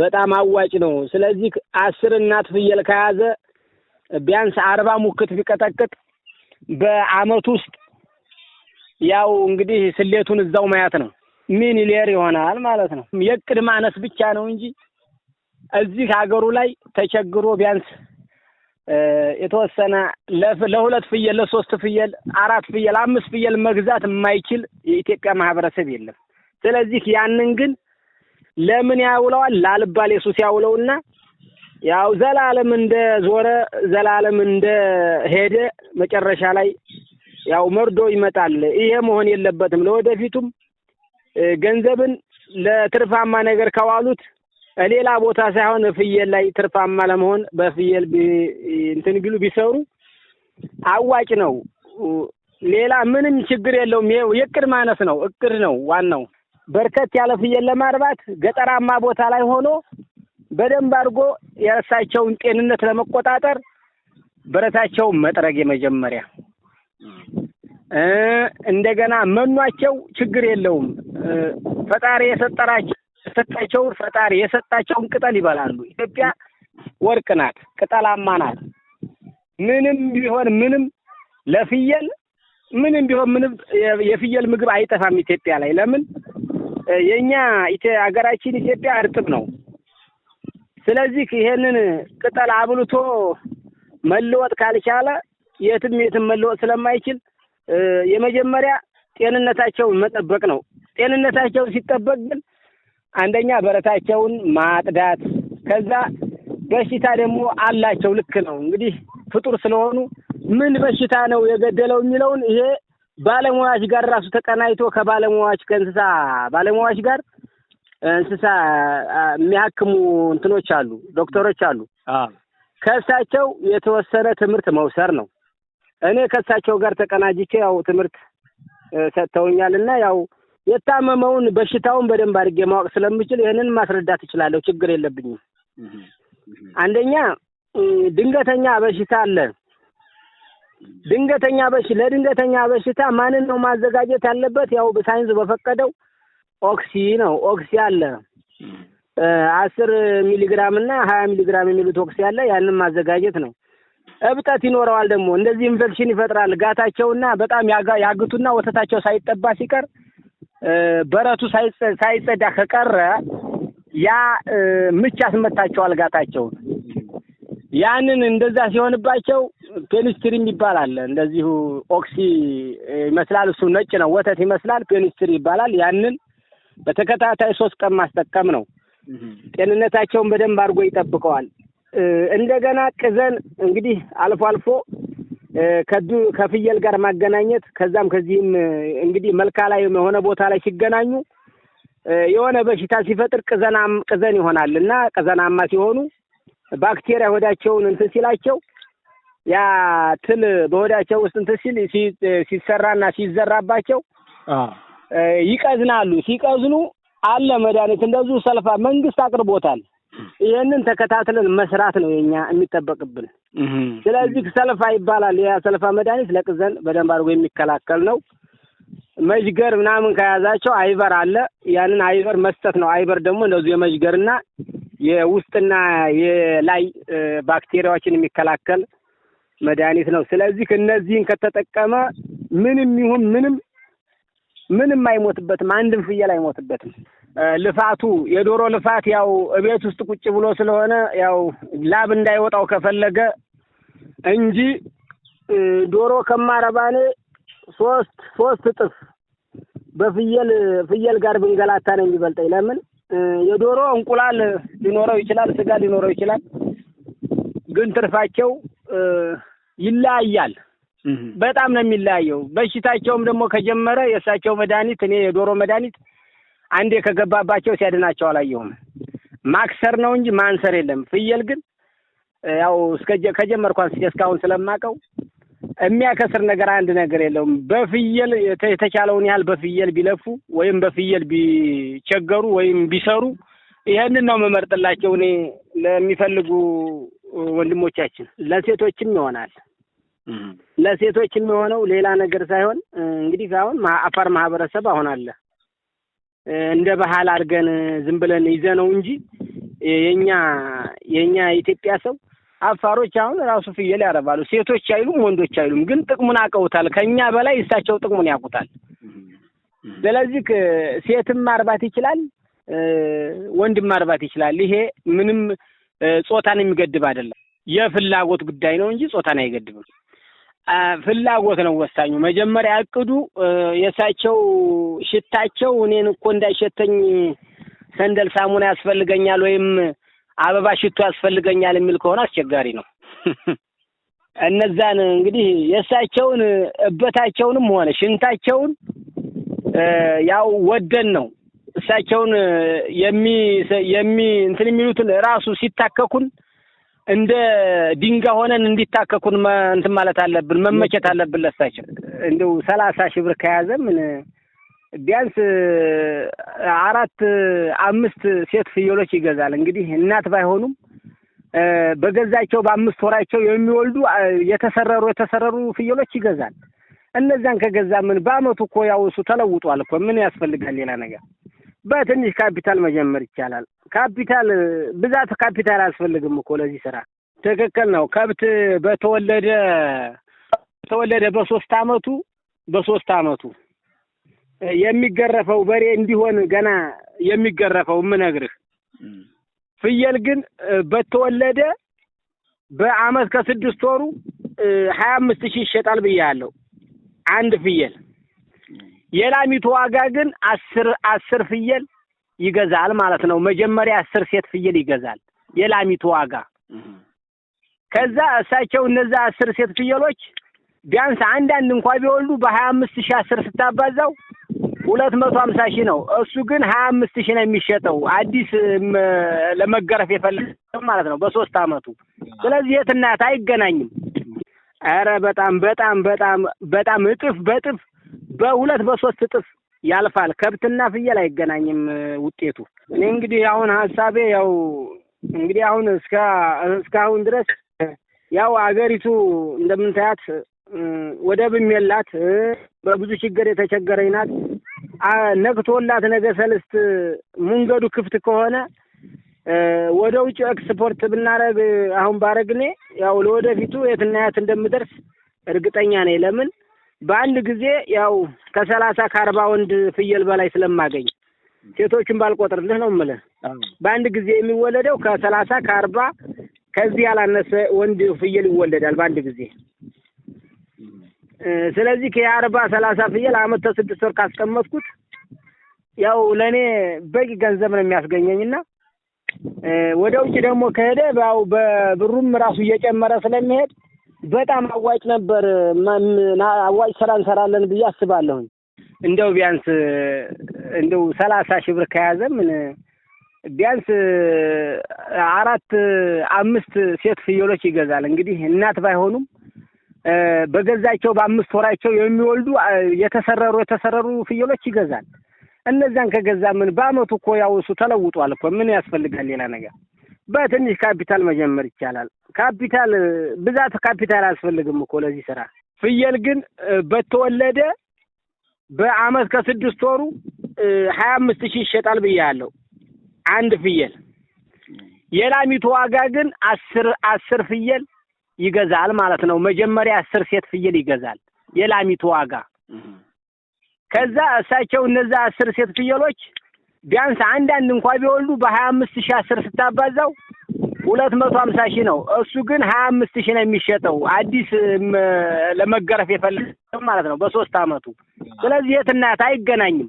በጣም አዋጭ ነው። ስለዚህ አስር እናት ፍየል ከያዘ ቢያንስ አርባ ሙክት ቢቀጠቅጥ በአመት ውስጥ ያው እንግዲህ ስሌቱን እዛው ማያት ነው ሚሊየነር ይሆናል ማለት ነው። የቅድ ማነስ ብቻ ነው እንጂ እዚህ ሀገሩ ላይ ተቸግሮ ቢያንስ የተወሰነ ለሁለት ፍየል፣ ለሶስት ፍየል፣ አራት ፍየል፣ አምስት ፍየል መግዛት የማይችል የኢትዮጵያ ማህበረሰብ የለም። ስለዚህ ያንን ግን ለምን ያውለዋል? ላልባል የሱስ ያውለውና ያው ዘላለም እንደ ዞረ ዘላለም እንደ ሄደ መጨረሻ ላይ ያው መርዶ ይመጣል። ይሄ መሆን የለበትም። ለወደፊቱም ገንዘብን ለትርፋማ ነገር ከዋሉት ሌላ ቦታ ሳይሆን ፍየል ላይ ትርፋማ ለመሆን በፍየል እንትን ቢሉ ቢሰሩ አዋጭ ነው። ሌላ ምንም ችግር የለውም። ይሄ የእቅድ ማነስ ነው። እቅድ ነው ዋናው። በርከት ያለ ፍየል ለማርባት ገጠራማ ቦታ ላይ ሆኖ በደንብ አድርጎ የራሳቸውን ጤንነት ለመቆጣጠር በረታቸውን መጥረግ የመጀመሪያ እንደገና መኗቸው ችግር የለውም። ፈጣሪ የሰጠራቸው የሰጣቸውን ፈጣሪ የሰጣቸውን ቅጠል ይበላሉ። ኢትዮጵያ ወርቅ ናት፣ ቅጠላማ ናት። ምንም ቢሆን ምንም ለፍየል ምንም ቢሆን ምንም የፍየል ምግብ አይጠፋም ኢትዮጵያ ላይ ለምን የእኛ ሀገራችን ኢትዮጵያ እርጥብ ነው። ስለዚህ ይሄንን ቅጠል አብልቶ መለወጥ ካልቻለ የትም የትም መለወጥ ስለማይችል የመጀመሪያ ጤንነታቸውን መጠበቅ ነው። ጤንነታቸውን ሲጠበቅ ግን አንደኛ በረታቸውን ማጥዳት፣ ከዛ በሽታ ደግሞ አላቸው። ልክ ነው እንግዲህ ፍጡር ስለሆኑ ምን በሽታ ነው የገደለው የሚለውን ይሄ ባለሙያዎች ጋር ራሱ ተቀናይቶ ከባለሙያዎች ከእንስሳ ባለሙያዎች ጋር እንስሳ የሚያክሙ እንትኖች አሉ፣ ዶክተሮች አሉ። ከእሳቸው የተወሰነ ትምህርት መውሰር ነው። እኔ ከእሳቸው ጋር ተቀናጅቼ ያው ትምህርት እና ያው የታመመውን በሽታውን በደንብ አድርጌ ማወቅ ስለምችል ይህንን ማስረዳት እችላለሁ። ችግር የለብኝም። አንደኛ ድንገተኛ በሽታ አለ። ድንገተኛ በሽ ለድንገተኛ በሽታ ማንን ነው ማዘጋጀት ያለበት? ያው በሳይንስ በፈቀደው ኦክሲ ነው። ኦክሲ አለ አስር ሚሊግራም እና ሀያ ሚሊግራም የሚሉት ኦክሲ አለ። ያንን ማዘጋጀት ነው። እብጠት ይኖረዋል ደግሞ እንደዚህ ኢንፌክሽን ይፈጥራል። ጋታቸውና በጣም ያግቱና ወተታቸው ሳይጠባ ሲቀር በረቱ ሳይጸዳ ከቀረ ያ ምች ስመታቸዋል ጋታቸውን ያንን እንደዛ ሲሆንባቸው ፔኒስትሪም ይባላል እንደዚሁ ኦክሲ ይመስላል፣ እሱ ነጭ ነው፣ ወተት ይመስላል፣ ፔኒስትሪ ይባላል። ያንን በተከታታይ ሶስት ቀን ማስጠቀም ነው። ጤንነታቸውን በደንብ አድርጎ ይጠብቀዋል። እንደገና ቅዘን እንግዲህ አልፎ አልፎ ከዱ ከፍየል ጋር ማገናኘት ከዛም ከዚህም እንግዲህ መልካ ላይ የሆነ ቦታ ላይ ሲገናኙ የሆነ በሽታ ሲፈጥር ቅዘናም ቅዘን ይሆናል እና ቅዘናማ ሲሆኑ ባክቴሪያ ሆዳቸውን እንትን ሲላቸው ያ ትል በሆዳቸው ውስጥ እንትን ሲል ሲሰራና ሲዘራባቸው ይቀዝናሉ። ሲቀዝኑ አለ መድኃኒት እንደዚሁ ሰልፋ መንግስት አቅርቦታል። ይህንን ተከታትለን መስራት ነው የኛ የሚጠበቅብን። ስለዚህ ሰልፋ ይባላል። ያ ሰልፋ መድኃኒት ለቅዘን በደንብ አድርጎ የሚከላከል ነው። መዥገር ምናምን ከያዛቸው አይበር አለ። ያንን አይበር መስጠት ነው። አይበር ደግሞ እንደዚሁ የመዥገርና የውስጥና የላይ ባክቴሪያዎችን የሚከላከል መድኃኒት ነው። ስለዚህ እነዚህን ከተጠቀመ ምንም ይሁን ምንም ምንም አይሞትበትም። አንድም ፍየል አይሞትበትም። ልፋቱ የዶሮ ልፋት ያው እቤት ውስጥ ቁጭ ብሎ ስለሆነ ያው ላብ እንዳይወጣው ከፈለገ እንጂ ዶሮ ከማረባኔ ሶስት ሶስት እጥፍ በፍየል ፍየል ጋር ብንገላታ ነው የሚበልጠኝ ለምን የዶሮ እንቁላል ሊኖረው ይችላል፣ ስጋ ሊኖረው ይችላል። ግን ትርፋቸው ይለያያል። በጣም ነው የሚለያየው። በሽታቸውም ደግሞ ከጀመረ የእሳቸው መድኃኒት እኔ የዶሮ መድኃኒት አንዴ ከገባባቸው ሲያድናቸው አላየሁም። ማክሰር ነው እንጂ ማንሰር የለም። ፍየል ግን ያው ከጀመርኳን እስካሁን ስለማቀው የሚያከስር ነገር አንድ ነገር የለውም። በፍየል የተቻለውን ያህል በፍየል ቢለፉ ወይም በፍየል ቢቸገሩ ወይም ቢሰሩ ይህንን ነው የምመርጥላቸው እኔ ለሚፈልጉ ወንድሞቻችን። ለሴቶችም ይሆናል። ለሴቶችም የሆነው ሌላ ነገር ሳይሆን እንግዲህ አሁን አፋር ማህበረሰብ አሁን አለ እንደ ባህል አድርገን ዝም ብለን ይዘ ነው እንጂ የኛ የኛ ኢትዮጵያ ሰው አፋሮች አሁን ራሱ ፍየል ያረባሉ። ሴቶች አይሉም፣ ወንዶች አይሉም፣ ግን ጥቅሙን አውቀውታል። ከኛ በላይ እሳቸው ጥቅሙን ያውቁታል። ስለዚህ ሴትም ማርባት ይችላል፣ ወንድም ማርባት ይችላል። ይሄ ምንም ጾታን የሚገድብ አይደለም። የፍላጎት ጉዳይ ነው እንጂ ጾታን አይገድብም። ፍላጎት ነው ወሳኙ። መጀመሪያ እቅዱ የእሳቸው ሽታቸው እኔን እኮ እንዳይሸተኝ ሰንደል ሳሙና ያስፈልገኛል ወይም አበባ ሽቶ ያስፈልገኛል የሚል ከሆነ አስቸጋሪ ነው። እነዛን እንግዲህ የእሳቸውን እበታቸውንም ሆነ ሽንታቸውን ያው ወደን ነው እሳቸውን የሚ የሚ እንትን የሚሉትን ራሱ ሲታከኩን እንደ ድንጋይ ሆነን እንዲታከኩን እንትን ማለት አለብን፣ መመቸት አለብን ለእሳቸው። እንዲሁ ሰላሳ ሺህ ብር ከያዘ ምን ቢያንስ አራት አምስት ሴት ፍየሎች ይገዛል። እንግዲህ እናት ባይሆኑም በገዛቸው በአምስት ወራቸው የሚወልዱ የተሰረሩ የተሰረሩ ፍየሎች ይገዛል። እነዚያን ከገዛ ምን በአመቱ እኮ ያው እሱ ተለውጧል እኮ ምን ያስፈልጋል ሌላ ነገር? በትንሽ ካፒታል መጀመር ይቻላል። ካፒታል ብዛት ካፒታል አያስፈልግም እኮ ለዚህ ስራ። ትክክል ነው። ከብት በተወለደ በተወለደ በሶስት አመቱ በሶስት አመቱ የሚገረፈው በሬ እንዲሆን ገና የሚገረፈው የምነግርህ። ፍየል ግን በተወለደ በአመት ከስድስት ወሩ ሀያ አምስት ሺህ ይሸጣል ብያለሁ አንድ ፍየል። የላሚቱ ዋጋ ግን አስር አስር ፍየል ይገዛል ማለት ነው። መጀመሪያ አስር ሴት ፍየል ይገዛል የላሚቱ ዋጋ። ከዛ እሳቸው እነዛ አስር ሴት ፍየሎች ቢያንስ አንዳንድ እንኳ ቢወልዱ በሀያ አምስት ሺህ አስር ስታባዛው ሁለት መቶ ሀምሳ ሺህ ነው። እሱ ግን ሀያ አምስት ሺህ ነው የሚሸጠው አዲስ ለመገረፍ የፈለገው ማለት ነው በሶስት አመቱ። ስለዚህ የት እናት አይገናኝም። ኧረ በጣም በጣም በጣም በጣም እጥፍ በጥፍ በሁለት በሶስት እጥፍ ያልፋል። ከብትና ፍየል አይገናኝም ውጤቱ። እኔ እንግዲህ አሁን ሀሳቤ ያው እንግዲህ አሁን እስከ እስካሁን ድረስ ያው አገሪቱ እንደምንታያት ወደብም የላት በብዙ ችግር የተቸገረኝ ናት። ነግቶላት ነገ ሰልስት መንገዱ ክፍት ከሆነ ወደ ውጭ ኤክስፖርት ብናረግ አሁን ባረግኔ ያው ለወደፊቱ የትና የት እንደምደርስ እርግጠኛ ነኝ። ለምን በአንድ ጊዜ ያው ከሰላሳ ከአርባ ወንድ ፍየል በላይ ስለማገኝ ሴቶችን ባልቆጥርልህ ነው የምልህ። በአንድ ጊዜ የሚወለደው ከሰላሳ ከአርባ ከዚህ ያላነሰ ወንድ ፍየል ይወለዳል በአንድ ጊዜ። ስለዚህ ከአርባ ሰላሳ ፍየል አመት ስድስት ወር ካስቀመጥኩት ያው ለእኔ በቂ ገንዘብ ነው የሚያስገኘኝና ወደ ውጭ ደግሞ ከሄደ ያው በብሩም ራሱ እየጨመረ ስለሚሄድ በጣም አዋጭ ነበር። አዋጭ ስራ እንሰራለን ብዬ አስባለሁኝ። እንደው ቢያንስ እንደው ሰላሳ ሺህ ብር ከያዘ ምን ቢያንስ አራት አምስት ሴት ፍየሎች ይገዛል። እንግዲህ እናት ባይሆኑም በገዛቸው በአምስት ወራቸው የሚወልዱ የተሰረሩ የተሰረሩ ፍየሎች ይገዛል። እነዛን ከገዛ ምን በአመቱ እኮ ያው እሱ ተለውጧል እኮ ምን ያስፈልጋል ሌላ ነገር? በትንሽ ካፒታል መጀመር ይቻላል። ካፒታል ብዛት ካፒታል አያስፈልግም እኮ ለዚህ ስራ። ፍየል ግን በተወለደ በአመት ከስድስት ወሩ ሀያ አምስት ሺህ ይሸጣል ብያለሁ አንድ ፍየል። የላሚቱ ዋጋ ግን አስር አስር ፍየል ይገዛል ማለት ነው። መጀመሪያ አስር ሴት ፍየል ይገዛል የላሚቱ ዋጋ። ከዛ እሳቸው እነዛ አስር ሴት ፍየሎች ቢያንስ አንዳንድ እንኳ ቢወልዱ በሀያ አምስት ሺህ አስር ስታባዛው ሁለት መቶ ሀምሳ ሺህ ነው። እሱ ግን ሀያ አምስት ሺህ ነው የሚሸጠው አዲስ ለመገረፍ የፈለገ ማለት ነው በሶስት አመቱ። ስለዚህ የት እናት አይገናኝም።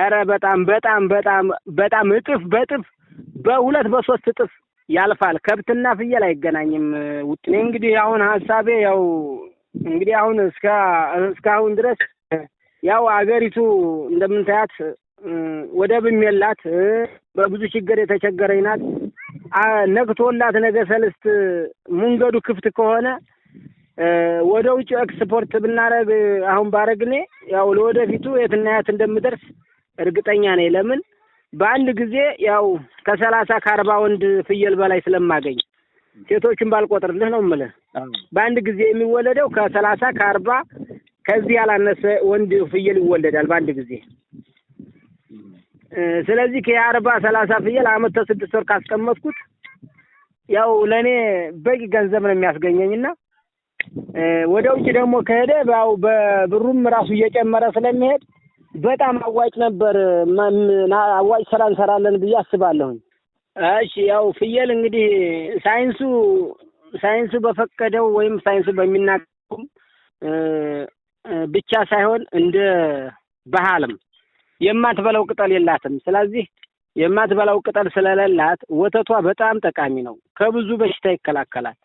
ኧረ በጣም በጣም በጣም በጣም እጥፍ በጥፍ በሁለት በሶስት እጥፍ ያልፋል። ከብትና ፍየል አይገናኝም። ውጥ እንግዲህ አሁን ሀሳቤ ያው እንግዲህ አሁን እስከ እስካሁን ድረስ ያው አገሪቱ እንደምንታያት ወደብም የላት በብዙ ችግር የተቸገረኝ ናት። ነግቶላት ነገ ሰልስት መንገዱ ክፍት ከሆነ ወደ ውጭ ኤክስፖርት ብናረግ አሁን ባረግኔ ያው ለወደፊቱ የትናያት እንደምደርስ እርግጠኛ ነኝ። ለምን በአንድ ጊዜ ያው ከሰላሳ ከአርባ ወንድ ፍየል በላይ ስለማገኝ ሴቶችን ባልቆጥርልህ ነው የምልህ። በአንድ ጊዜ የሚወለደው ከሰላሳ ከአርባ ከዚህ ያላነሰ ወንድ ፍየል ይወለዳል በአንድ ጊዜ። ስለዚህ ከአርባ ሰላሳ ፍየል አመት ተስድስት ወር ካስቀመጥኩት ያው ለእኔ በቂ ገንዘብ ነው የሚያስገኘኝና ወደ ውጭ ደግሞ ከሄደ ያው በብሩም ራሱ እየጨመረ ስለሚሄድ በጣም አዋጭ ነበር። አዋጭ ስራ እንሰራለን ብዬ አስባለሁኝ። እሺ ያው ፍየል እንግዲህ ሳይንሱ ሳይንሱ በፈቀደው ወይም ሳይንሱ በሚናገሩም ብቻ ሳይሆን እንደ ባህልም የማትበላው ቅጠል የላትም። ስለዚህ የማትበላው ቅጠል ስለሌላት ወተቷ በጣም ጠቃሚ ነው። ከብዙ በሽታ ይከላከላል።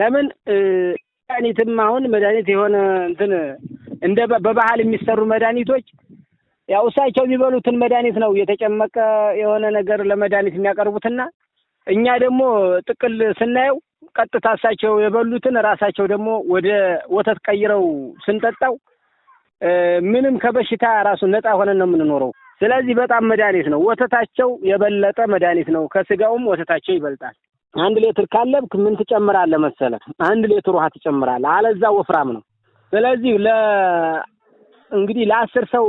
ለምን መድኃኒትም አሁን መድኃኒት የሆነ እንትን እንደ በባህል የሚሰሩ መድኃኒቶች ያው እሳቸው የሚበሉትን መድኃኒት ነው የተጨመቀ የሆነ ነገር ለመድኃኒት የሚያቀርቡትና እኛ ደግሞ ጥቅል ስናየው ቀጥታ እሳቸው የበሉትን ራሳቸው ደግሞ ወደ ወተት ቀይረው ስንጠጣው ምንም ከበሽታ ራሱ ነጣ ሆነን ነው የምንኖረው። ስለዚህ በጣም መድኃኒት ነው ወተታቸው፣ የበለጠ መድኃኒት ነው። ከስጋውም ወተታቸው ይበልጣል። አንድ ሌትር ካለብክ ምን ትጨምራለህ መሰለህ? አንድ ሌትር ውሃ ትጨምራለህ። አለዛ ወፍራም ነው። ስለዚህ እንግዲህ ለአስር ሰው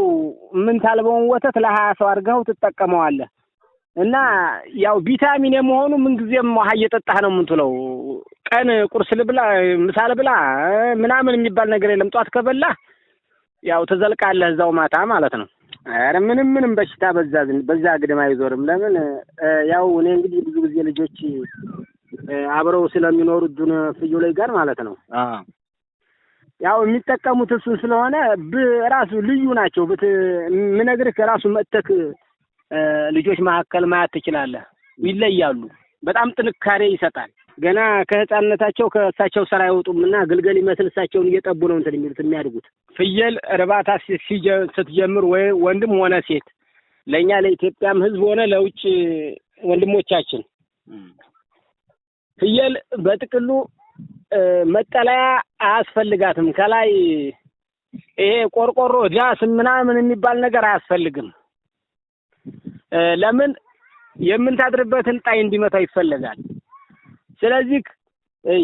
የምንታልበውን ወተት ለሀያ ሰው አድርገኸው ትጠቀመዋለህ እና ያው ቪታሚን የመሆኑ ምንጊዜም ውሃ እየጠጣህ ነው የምንትለው። ቀን ቁርስ ልብላ፣ ምሳ ልብላ ምናምን የሚባል ነገር የለም። ጧት ከበላ ያው ትዘልቃለህ እዛው ማታ ማለት ነው። ኧረ ምንም ምንም በሽታ በዛ በዛ ግድም አይዞርም። ለምን ያው እኔ እንግዲህ ብዙ ጊዜ ልጆች አብረው ስለሚኖሩ ዱን ላይ ጋር ማለት ነው ያው የሚጠቀሙት እሱን ስለሆነ ራሱ ልዩ ናቸው። ምነግርህ ከራሱ መጥተክ ልጆች መካከል ማያት ትችላለህ። ይለያሉ። በጣም ጥንካሬ ይሰጣል። ገና ከህፃንነታቸው ከእሳቸው ስራ አይወጡምና ግልገል ይመስል እሳቸውን እየጠቡ ነው እንትን የሚሉት የሚያድጉት። ፍየል እርባታ ስትጀምር ወይ ወንድም ሆነ ሴት ለእኛ ለኢትዮጵያም ህዝብ ሆነ ለውጭ ወንድሞቻችን ፍየል በጥቅሉ መጠለያ አያስፈልጋትም። ከላይ ይሄ ቆርቆሮ ዳስ ምናምን የሚባል ነገር አያስፈልግም። ለምን የምንታድርበትን ጣይ እንዲመታ ይፈለጋል። ስለዚህ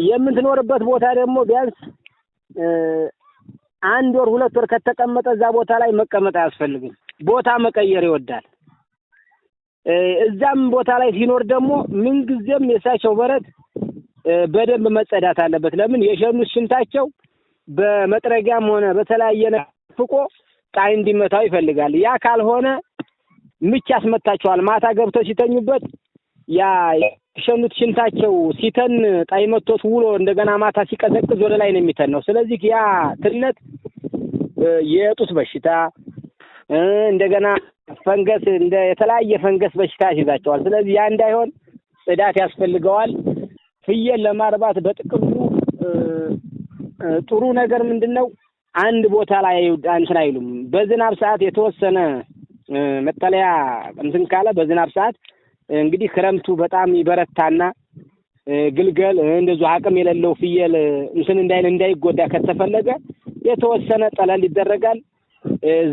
የምትኖርበት ቦታ ደግሞ ቢያንስ አንድ ወር ሁለት ወር ከተቀመጠ እዛ ቦታ ላይ መቀመጥ አያስፈልግም። ቦታ መቀየር ይወዳል። እዛም ቦታ ላይ ሲኖር ደግሞ ምንጊዜም የሳቸው በረት በደንብ መጸዳት አለበት። ለምን የሸኑት ሽንታቸው በመጥረጊያም ሆነ በተለያየ ፍቆ ጣይ እንዲመታው ይፈልጋል። ያ ካልሆነ ምች ያስመታቸዋል። ማታ ገብተው ሲተኙበት ያ የሸኑት ሽንታቸው ሲተን ጣይ መቶት ውሎ እንደገና ማታ ሲቀዘቅዝ ወደ ላይ ነው ነው። ስለዚህ ያ ትነት የጡት በሽታ እንደገና ፈንገስ እንደ የተለያየ ፈንገስ በሽታ ያስይዛቸዋል። ስለዚህ ያ እንዳይሆን ጽዳት ያስፈልገዋል። ፍየል ለማርባት በጥቅሉ ጥሩ ነገር ምንድን ነው? አንድ ቦታ ላይ እንትን አይሉም። በዝናብ ሰዓት የተወሰነ መጠለያ እንትን ካለ በዝናብ ሰዓት እንግዲህ ክረምቱ በጣም ይበረታና ግልገል እንደዙ አቅም የሌለው ፍየል እንትን እንዳይል እንዳይጎዳ ከተፈለገ የተወሰነ ጠለል ይደረጋል።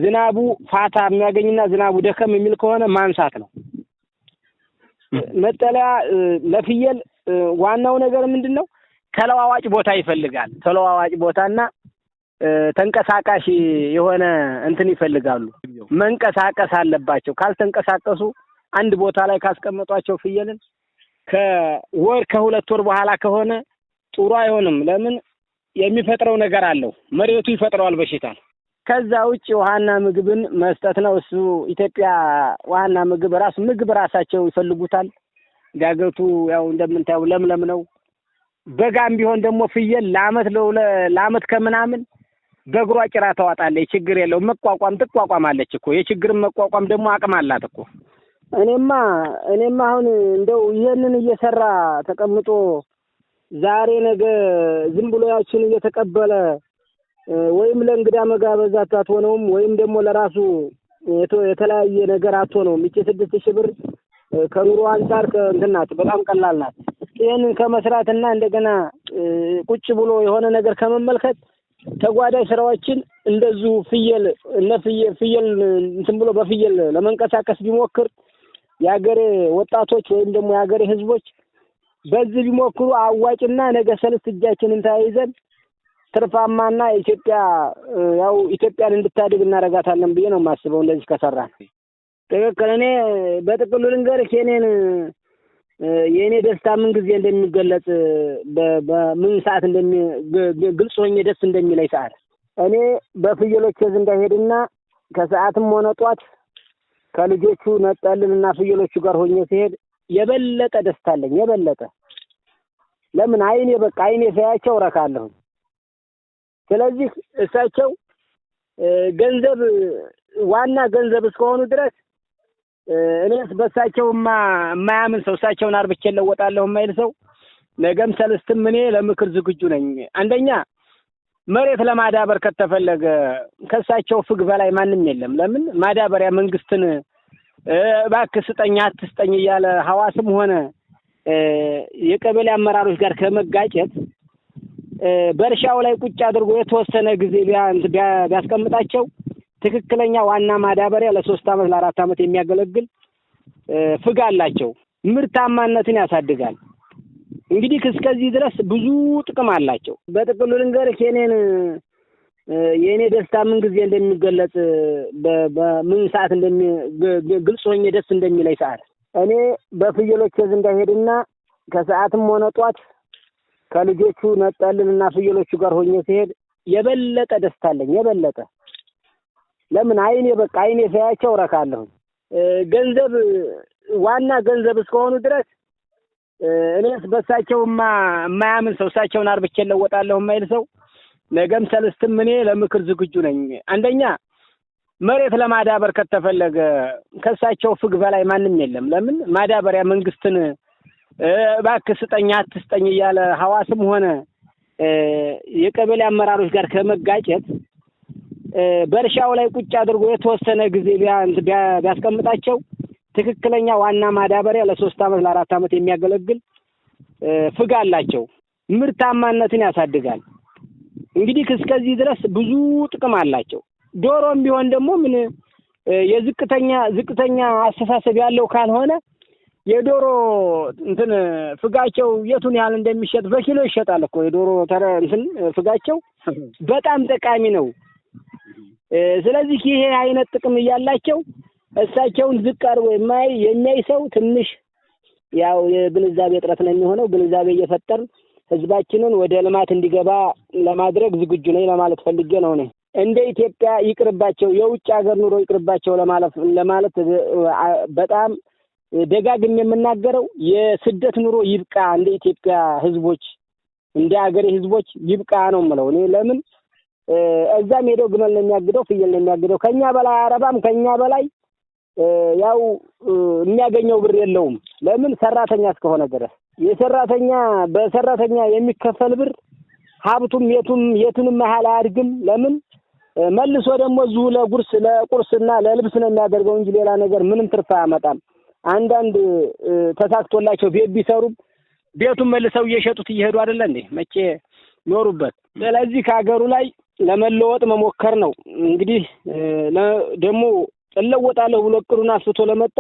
ዝናቡ ፋታ የሚያገኝና ዝናቡ ደከም የሚል ከሆነ ማንሳት ነው። መጠለያ ለፍየል ዋናው ነገር ምንድን ነው? ተለዋዋጭ ቦታ ይፈልጋል። ተለዋዋጭ ቦታና ተንቀሳቃሽ የሆነ እንትን ይፈልጋሉ። መንቀሳቀስ አለባቸው። ካልተንቀሳቀሱ አንድ ቦታ ላይ ካስቀመጧቸው ፍየልን ከወር ከሁለት ወር በኋላ ከሆነ ጥሩ አይሆንም። ለምን? የሚፈጥረው ነገር አለው። መሬቱ ይፈጥረዋል በሽታል። ከዛ ውጭ ውሃና ምግብን መስጠት ነው። እሱ ኢትዮጵያ ውሃና ምግብ ራሱ ምግብ ራሳቸው ይፈልጉታል። ዳገቱ ያው እንደምንታየው ለምለም ነው። በጋም ቢሆን ደግሞ ፍየል ለአመት ለአመት ከምናምን በእግሯ ጭራ ታዋጣለች። ችግር የለው መቋቋም ትቋቋማለች እኮ የችግርን መቋቋም ደግሞ አቅም አላት እኮ። እኔማ እኔማ አሁን እንደው ይህንን እየሰራ ተቀምጦ ዛሬ ነገ ዝም ብሎ ያችን እየተቀበለ ወይም ለእንግዳ መጋበዛት አትሆነውም፣ ወይም ደግሞ ለራሱ የተለያየ ነገር አትሆነውም። ይቺ ስድስት ሺህ ብር ከኑሮ አንጻር እንትን ናት፣ በጣም ቀላል ናት። ይህንን ከመስራትና እንደገና ቁጭ ብሎ የሆነ ነገር ከመመልከት ተጓዳይ ስራዎችን እንደዙ ፍየል እነ ፍየል ፍየል እንትን ብሎ በፍየል ለመንቀሳቀስ ቢሞክር የሀገሬ ወጣቶች ወይም ደግሞ የሀገሬ ህዝቦች በዚህ ቢሞክሩ አዋጭና ነገ ሰልስት እጃችንን ተያይዘን ትርፋማና ኢትዮጵያ ያው ኢትዮጵያን እንድታድግ እናደርጋታለን ብዬ ነው የማስበው እንደዚህ ከሰራ። ትክክል። እኔ በጥቅሉ ልንገርህ የኔን የእኔ ደስታ ምን ጊዜ እንደሚገለጽ በምን ሰዓት ግልጽ ሆኜ ደስ እንደሚለኝ ሰዓት እኔ በፍየሎች ዘንድ እንዳይሄድና ከሰዓትም ሆነ ጧት ከልጆቹ እና ፍየሎቹ ጋር ሆኜ ሲሄድ የበለጠ ደስታ አለኝ። የበለጠ ለምን አይኔ በቃ አይኔ ሳያቸው ረካለሁ። ስለዚህ እሳቸው ገንዘብ ዋና ገንዘብ እስከሆኑ ድረስ እኔስ በእሳቸውማ የማያምን ሰው እሳቸውን አርብቼ ለወጣለሁ የማይል ሰው ነገም ሰልስትም እኔ ለምክር ዝግጁ ነኝ። አንደኛ መሬት ለማዳበር ከተፈለገ ከእሳቸው ፍግ በላይ ማንም የለም። ለምን ማዳበሪያ መንግስትን እባክህ ስጠኝ አትስጠኝ እያለ ሐዋስም ሆነ የቀበሌ አመራሮች ጋር ከመጋጨት በእርሻው ላይ ቁጭ አድርጎ የተወሰነ ጊዜ ቢያስቀምጣቸው ትክክለኛ ዋና ማዳበሪያ ለሶስት አመት ለአራት አመት የሚያገለግል ፍግ አላቸው። ምርታማነትን ያሳድጋል። እንግዲህ እስከዚህ ድረስ ብዙ ጥቅም አላቸው። በጥቅሉ ልንገርህ የኔን የእኔ ደስታ ምን ጊዜ እንደሚገለጽ በምን ሰዓት ግልጽ ሆኜ ደስ እንደሚለኝ ሰዓት እኔ በፍየሎች ዘንድ እንዳሄድና ከሰዓትም ሆነ ጧት ከልጆቹ ነጠልን እና ፍየሎቹ ጋር ሆኜ ሲሄድ የበለጠ ደስታ አለኝ። የበለጠ ለምን አይኔ በቃ አይኔ ሳያቸው ረካለሁ። ገንዘብ ዋና ገንዘብ እስከሆኑ ድረስ እኔስ በእሳቸው የማያምን ሰው እሳቸውን አርብቼ እለወጣለሁ የማይል ሰው ነገም ሰልስትም እኔ ለምክር ዝግጁ ነኝ። አንደኛ መሬት ለማዳበር ከተፈለገ ከእሳቸው ፍግ በላይ ማንም የለም። ለምን ማዳበሪያ መንግስትን እባክህ ስጠኝ አትስጠኝ እያለ ሐዋስም ሆነ የቀበሌ አመራሮች ጋር ከመጋጨት በእርሻው ላይ ቁጭ አድርጎ የተወሰነ ጊዜ ቢያስቀምጣቸው ትክክለኛ ዋና ማዳበሪያ ለሶስት ዓመት ለአራት ዓመት የሚያገለግል ፍግ አላቸው። ምርታማነትን ያሳድጋል። እንግዲህ እስከዚህ ድረስ ብዙ ጥቅም አላቸው። ዶሮም ቢሆን ደግሞ ምን የዝቅተኛ ዝቅተኛ አስተሳሰብ ያለው ካልሆነ የዶሮ እንትን ፍጋቸው የቱን ያህል እንደሚሸጥ በኪሎ ይሸጣል እኮ የዶሮ ተረ እንትን ፍጋቸው በጣም ጠቃሚ ነው። ስለዚህ ይሄ አይነት ጥቅም እያላቸው እሳቸውን ዝቅ አድርጎ የማይ የሚያይ ሰው ትንሽ ያው የግንዛቤ እጥረት ነው የሚሆነው። ግንዛቤ እየፈጠርን ህዝባችንን ወደ ልማት እንዲገባ ለማድረግ ዝግጁ ነኝ ለማለት ፈልጌ ነው። እኔ እንደ ኢትዮጵያ ይቅርባቸው፣ የውጭ ሀገር ኑሮ ይቅርባቸው ለማለት ለማለት በጣም ደጋግም የምናገረው የስደት ኑሮ ይብቃ፣ እንደ ኢትዮጵያ ህዝቦች፣ እንደ ሀገሬ ህዝቦች ይብቃ ነው የምለው እኔ ለምን እዛም ሄደው ግመል ነው የሚያግደው፣ ፍየል የሚያግደው። ከኛ በላይ አረባም ከኛ በላይ ያው የሚያገኘው ብር የለውም። ለምን ሰራተኛ እስከሆነ ድረስ የሰራተኛ በሰራተኛ የሚከፈል ብር ሀብቱም የቱም የቱንም መሀል አያድግም። ለምን መልሶ ደግሞ እዚሁ ለጉርስ ለቁርስና ለልብስ ነው የሚያደርገው እንጂ ሌላ ነገር ምንም ትርፍ አያመጣም። አንዳንድ ተሳክቶላቸው ቤት ቢሰሩም ቤቱን መልሰው እየሸጡት እየሄዱ አይደለ እንዴ መቼ ኖሩበት። ስለዚህ ከሀገሩ ላይ ለመለወጥ መሞከር ነው። እንግዲህ ደግሞ እለወጣለሁ ብሎ እቅዱን አስቶ ለመጣ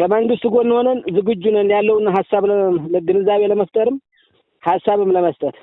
ከመንግስት ጎን ሆነን ዝግጁ ነን ያለውን ሀሳብ ለግንዛቤ ለመፍጠርም ሀሳብም ለመስጠት